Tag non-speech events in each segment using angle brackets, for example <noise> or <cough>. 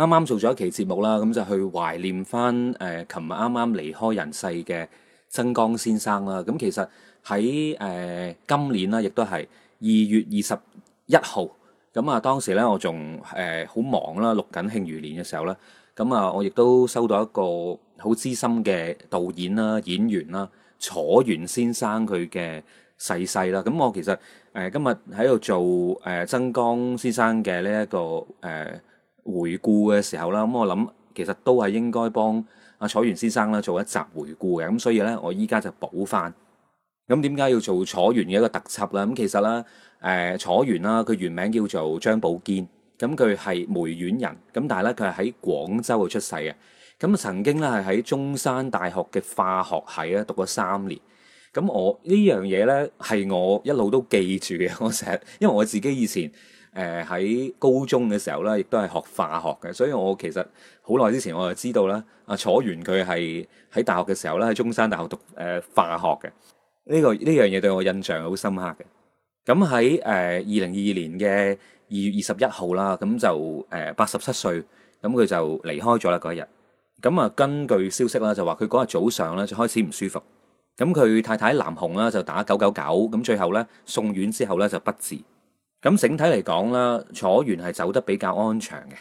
啱啱做咗一期節目啦，咁就去懷念翻誒，琴日啱啱離開人世嘅曾江先生啦。咁其實喺誒今年啦，亦都係二月二十一號。咁啊，當時呢，我仲誒好忙啦，錄緊《慶餘年》嘅時候呢。咁啊，我亦都收到一個好資深嘅導演啦、演員啦，楚原先生佢嘅逝世啦。咁我其實誒今日喺度做誒曾江先生嘅呢一個誒。呃回顧嘅時候啦，咁我諗其實都係應該幫阿楚原先生啦做一集回顧嘅，咁所以咧我依家就補翻。咁點解要做楚原嘅一個特輯咧？咁其實咧，誒楚原啦，佢原名叫做張寶堅，咁佢係梅縣人，咁但係咧佢係喺廣州嘅出世嘅，咁曾經咧係喺中山大學嘅化學系咧讀咗三年。咁我呢樣嘢咧係我一路都記住嘅，我成日因為我自己以前。誒喺高中嘅時候咧，亦都係學化學嘅，所以我其實好耐之前我就知道啦。阿楚原佢係喺大學嘅時候咧，喺中山大學讀誒化學嘅，呢個呢樣嘢對我印象好深刻嘅。咁喺誒二零二二年嘅二月二十一號啦，咁就誒八十七歲，咁佢就離開咗啦嗰一日。咁啊，根據消息啦，就話佢嗰日早上咧就開始唔舒服，咁佢太太南紅啦就打九九九，咁最後咧送院之後咧就不治。咁整體嚟講啦，楚原係走得比較安詳嘅，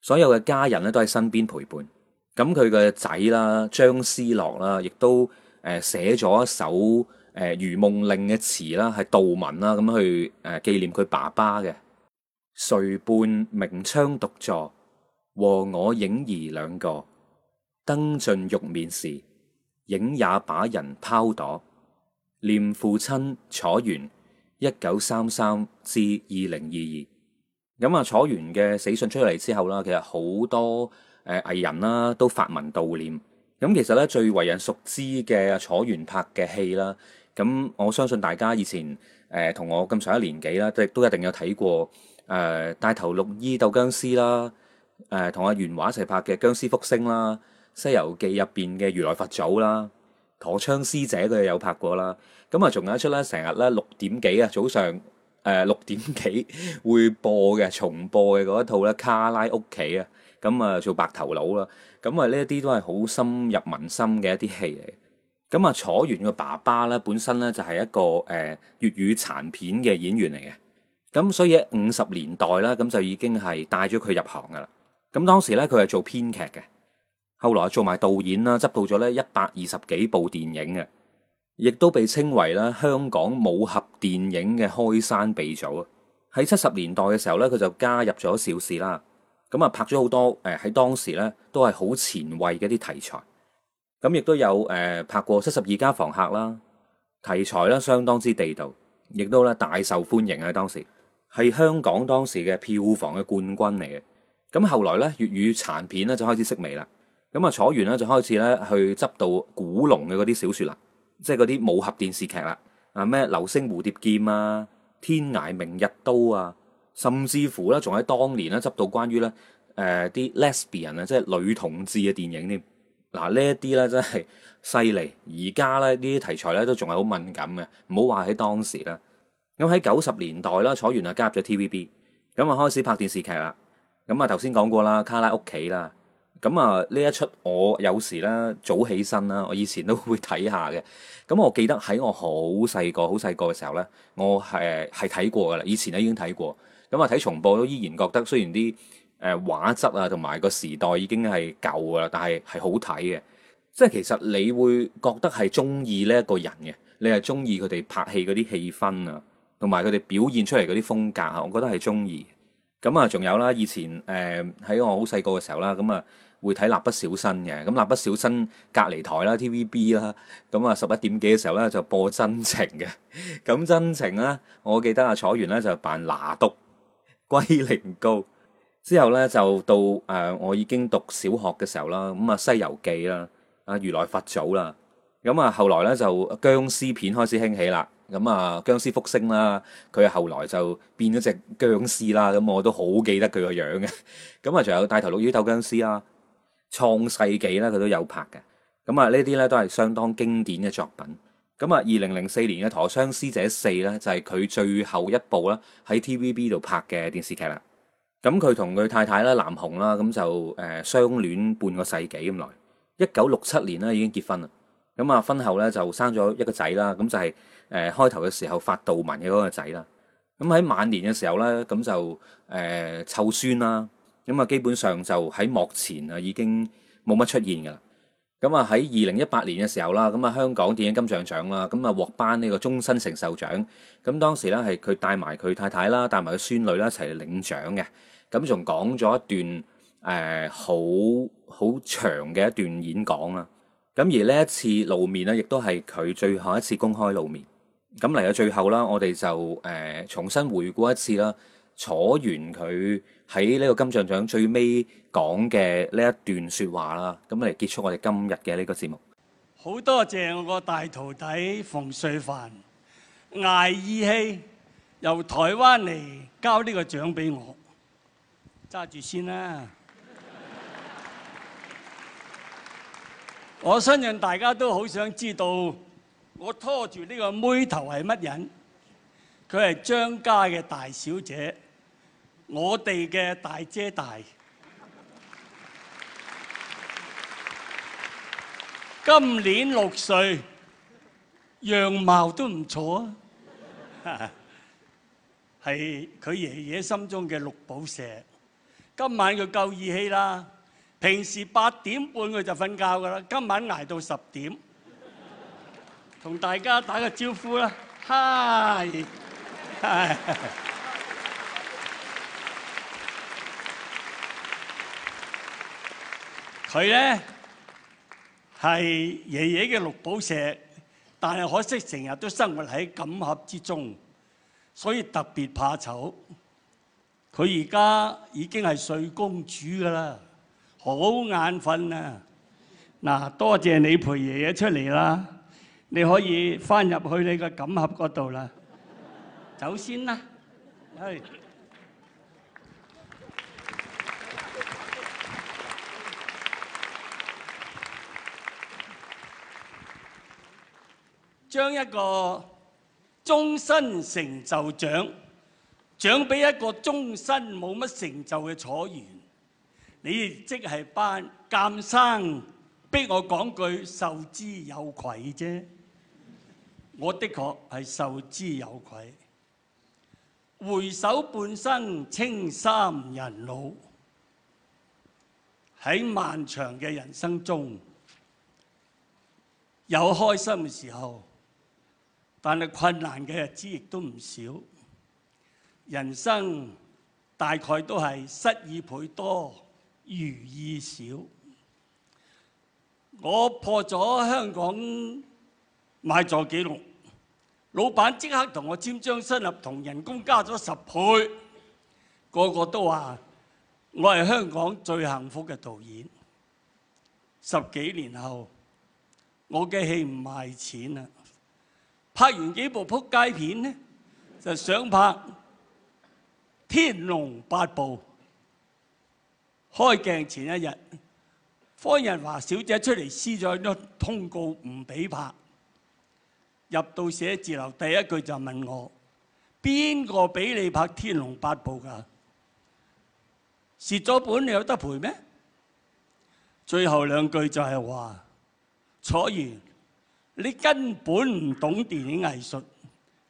所有嘅家人咧都喺身邊陪伴。咁佢嘅仔啦，張思樂啦，亦都誒寫咗一首誒《如夢令》嘅詞啦，係悼文啦，咁去誒紀念佢爸爸嘅。誰伴明窗獨坐，和我影兒兩個，燈盡欲眠時，影也把人拋躲，念父親楚原。一九三三至二零二二，咁啊楚原嘅死訊出嚟之後啦，其實好多誒藝人啦都發文悼念。咁其實咧最為人熟知嘅楚原拍嘅戲啦，咁我相信大家以前誒同我咁上一年紀啦，亦都一定有睇過誒大頭綠衣鬥僵屍啦，誒同阿元華一齊拍嘅《僵屍福星》啦，《西遊記》入邊嘅如來佛祖啦。陀槍師姐佢有拍過啦，咁啊仲有一出咧，成日咧六點幾啊早上誒六點幾會播嘅重播嘅嗰一套咧《卡拉屋企》啊，咁啊做白頭佬啦，咁啊呢一啲都係好深入民心嘅一啲戲嚟。咁啊楚原嘅爸爸咧，本身咧就係一個誒粵語殘片嘅演員嚟嘅，咁所以喺五十年代啦，咁就已經係帶咗佢入行噶啦。咁當時咧佢係做編劇嘅。後來做埋導演啦，執到咗咧一百二十幾部電影嘅，亦都被稱為咧香港武俠電影嘅開山鼻祖啊！喺七十年代嘅時候咧，佢就加入咗邵氏啦，咁啊拍咗好多誒喺當時咧都係好前衛嘅一啲題材，咁亦都有誒拍過七十二家房客啦，題材咧相當之地道，亦都咧大受歡迎喺當時係香港當時嘅票房嘅冠軍嚟嘅，咁後來咧粵語殘片咧就開始式微啦。咁啊，楚原咧就開始咧去執到古龍嘅嗰啲小說啦，即係嗰啲武俠電視劇啦，啊咩流星蝴蝶劍啊、天涯明月刀啊，甚至乎咧仲喺當年咧執到關於咧誒啲 Lesbian 啊，呃、Les bian, 即係女同志嘅電影添。嗱、啊、呢一啲咧真係犀利，而家咧呢啲題材咧都仲係好敏感嘅，唔好話喺當時啦。咁喺九十年代啦，楚原啊加入咗 TVB，咁啊開始拍電視劇啦。咁啊頭先講過啦，卡拉屋企啦。咁啊，呢一出我有時咧早起身啦，我以前都會睇下嘅。咁我記得喺我好細個、好細個嘅時候呢，我係係睇過噶啦。以前咧已經睇過。咁啊睇重播都依然覺得，雖然啲誒畫質啊同埋個時代已經係舊噶啦，但係係好睇嘅。即係其實你會覺得係中意呢一個人嘅，你係中意佢哋拍戲嗰啲氣氛啊，同埋佢哋表現出嚟嗰啲風格啊，我覺得係中意。咁啊，仲有啦，以前誒喺我好細個嘅時候啦，咁啊。會睇《蠟筆小新》嘅，咁《蠟筆小新》隔離台啦，TVB 啦，咁啊十一點幾嘅時候咧就播《真情》嘅，咁《真情》咧，我記得阿、啊、楚原咧就扮拿督龜苓膏，之後咧就到誒、呃、我已經讀小學嘅時候啦，咁啊《西遊記》啦，啊如來佛祖啦，咁啊後來咧就僵屍片開始興起啦，咁啊僵屍福星》啦，佢後來就變咗隻僵屍」啦，咁我都好記得佢個樣嘅，咁啊仲有大頭綠衣鬥僵屍」啊！創世紀啦，佢都有拍嘅，咁啊呢啲咧都係相當經典嘅作品。咁啊，二零零四年嘅《陀槍師姐四》咧就係、是、佢最後一部啦喺 TVB 度拍嘅電視劇啦。咁佢同佢太太啦，藍紅啦，咁就誒相戀半個世紀咁耐。一九六七年啦已經結婚啦，咁啊婚後咧就生咗一個仔啦，咁就係誒開頭嘅時候發道文嘅嗰個仔啦。咁喺晚年嘅時候咧，咁就誒湊孫啦。呃咁啊，基本上就喺幕前啊，已經冇乜出現噶啦。咁啊，喺二零一八年嘅時候啦，咁啊，香港電影金像獎啦，咁啊，獲頒呢個終身成就獎。咁當時咧係佢帶埋佢太太啦，帶埋佢孫女啦一齊領獎嘅。咁仲講咗一段誒好好長嘅一段演講啦。咁而呢一次露面咧，亦都係佢最後一次公開露面。咁嚟到最後啦，我哋就誒、呃、重新回顧一次啦。坐完佢喺呢個金像獎最尾講嘅呢一段說話啦，咁嚟結束我哋今日嘅呢個節目。好多謝我個大徒弟馮淬帆，挨義氣，由台灣嚟交呢個獎俾我，揸住先啦。 <laughs> 我相信大家都好想知道我拖住呢個妹頭係乜人，佢係張家嘅大小姐。我哋嘅大姐大，今年六歲，樣貌都唔錯啊，係佢爺爺心中嘅綠寶石。今晚佢夠義氣啦，平時八點半佢就瞓覺㗎喇，今晚捱到十點。同大家打個招呼啦，嗨！佢咧係爺爺嘅綠寶石，但係可惜成日都生活喺錦盒之中，所以特別怕醜。佢而家已經係睡公主㗎啦，好眼瞓啊！嗱，多謝你陪爺爺出嚟啦，你可以翻入去你嘅錦盒嗰度啦。先走先啦，係。將一個終身成就獎獎俾一個終身冇乜成就嘅楚原，你即係班監生逼我講句受之有愧啫。我的確係受之有愧。回首半生，青山人老。喺漫長嘅人生中，有開心嘅時候。但係困難嘅日子亦都唔少，人生大概都係失意倍多，如意少。我破咗香港賣座紀錄，老闆即刻同我簽張新合同，人工加咗十倍，個個都話我係香港最幸福嘅導演。十幾年後，我嘅戲唔賣錢啦。拍完幾部撲街片呢，就想拍《天龍八部》。開鏡前一日，方逸華小姐出嚟撕咗張通告，唔俾拍。入到寫字樓，第一句就問我：邊個畀你拍《天龍八部》㗎？蝕咗本，你有得賠咩？最後兩句就係話：楚原。你根本唔懂電影藝術，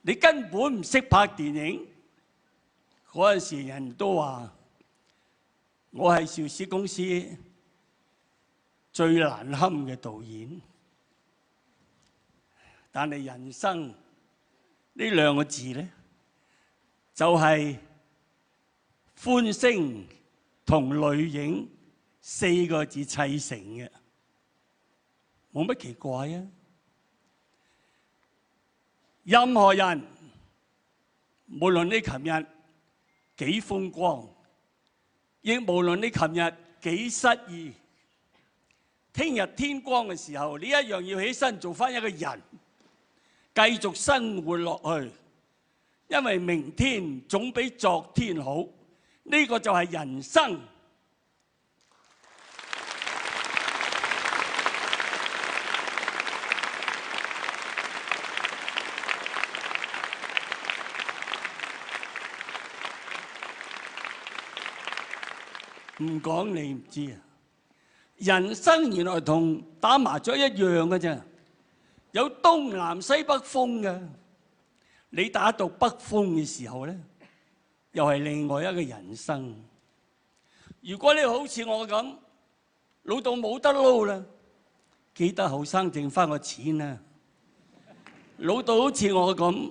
你根本唔識拍電影。嗰陣時人都話我係邵氏公司最難堪嘅導演，但係人生呢兩個字呢，就係歡聲同淚影四個字砌成嘅，冇乜奇怪啊！任何人，無論你琴日幾風光，亦無論你琴日幾失意，聽日天光嘅時候，你一樣要起身做返一個人，繼續生活落去，因為明天總比昨天好。呢個就係人生。唔講你唔知啊！人生原來同打麻雀一樣嘅啫，有東南西北風嘅。你打到北風嘅時候咧，又係另外一個人生。如果你好似我咁老到冇得撈啦，記得後生剩翻個錢啊？老到好似我咁，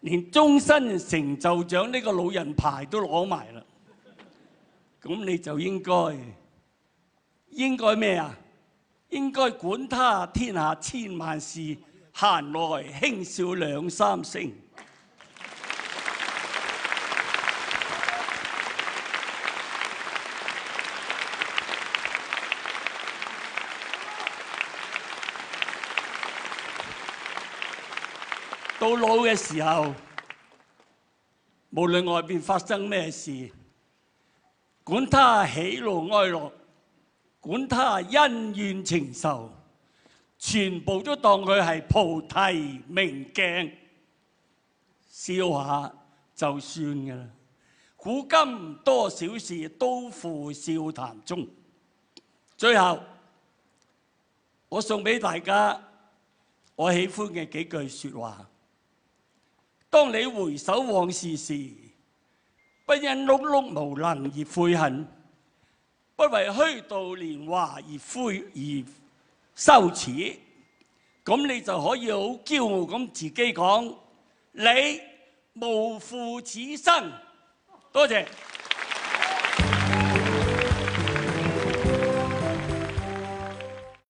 連終身成就獎呢個老人牌都攞埋啦。咁你就應該應該咩啊？應該管他天下千萬事，閒來輕笑兩三聲。到老嘅時候，無論外面發生咩事。管他喜怒哀樂，管他恩怨情仇，全部都當佢係菩提明鏡，笑下就算㗎喇。古今多少事，都付笑談中。最後，我送畀大家，我喜歡嘅幾句說話：當你回首往事時。不因碌碌無能而悔恨，不為虛度年華而悔而羞恥，咁你就可以好驕傲咁自己講：你無負此生。多謝。